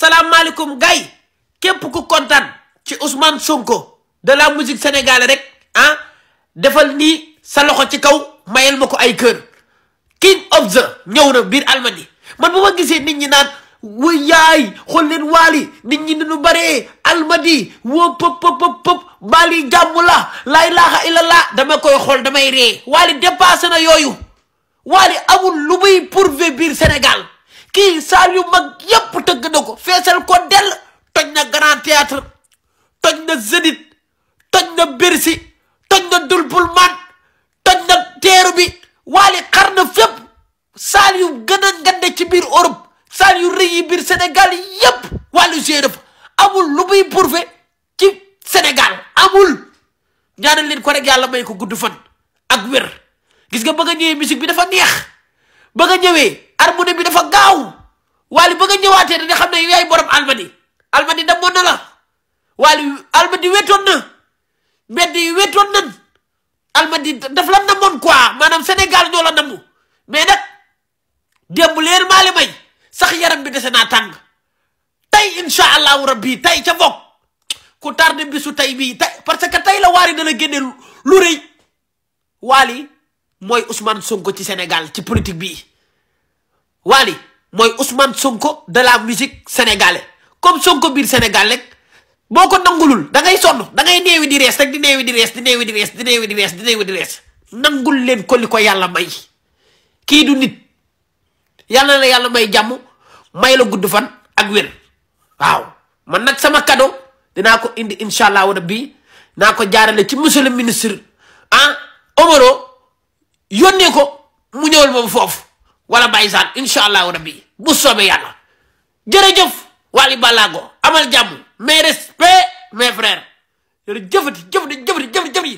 salaamaaleykum gars yi képp ku kontaan ci Ousmane Sonko de la musique sénégalaise rek ah defal ni sa loxo ci kaw mayel ma ko ay kër king of the ñëw na biir Almadi man bu ma gisee nit ñi naan way yaay xool leen waali nit ñi nu baree Almadi woo pëp pëp pëp baali jàmm la laay laaxa illa laa dama koy xool damay ree waali dépassé na yooyu waali amul lu muy prouver biir Sénégal kii saal yu mag yépp tëgg na ko feesal ko dell toj na Grand Théâtre toj na Zénith toj na Bercy toj na Dulbul Man toj na teeru bi waali xar na fépp saal yu gën a ci biir Europe saal yu rëy yi biir Sénégal yépp wàllu géné amul lu muy pourfe ci Sénégal amul ñaanal leen ko rek yàlla may ko gudd fan ak wér gis nga ba nga ñëwee bi dafa neex ba nga ñëwee albuné bi dafa gaaw waali ba nga ñëwaatee dina xam ne yaay borom almadi almadi damoon na la waali almadi wetoon na mbedd yi wetoon nan almadi daf la namoon quoi maanaam Sénégal ñoo la namu mais nag démb leer maa li may sax yaram bi dese naa tàng tey incha allahu rabbi tey ca bokk ku tardé bisu tey bii parce que tey la waari dana génne lu rëy waali mooy Ousmane Sonko ci Sénégal ci politique bii Wally mooy Ousmane Sonko de la musique sénégalaise comme Sonko biir Sénégal rek boo ko nangulul da ngay sonn da ngay néewi di rees rek di néewi di rees di néewi di rees di néewi di rees di néewi di rees nangul leen koli ko yàlla may kii du nit yàlla la yàlla may jàmm may la gudd fan ak wér waaw man nag sama cadeau dinaa ko indi incha allah rabbi naa ko jaarale ci monsieur le ministre ah Omaro yónnee ko mu ñëwal moom foofu wala Baye Zane incha allahu rabbi bu soobee yàlla jërëjëf Wally Ballago amal jàmm mes respect mes frères jëfati jëfati jëfati jëfati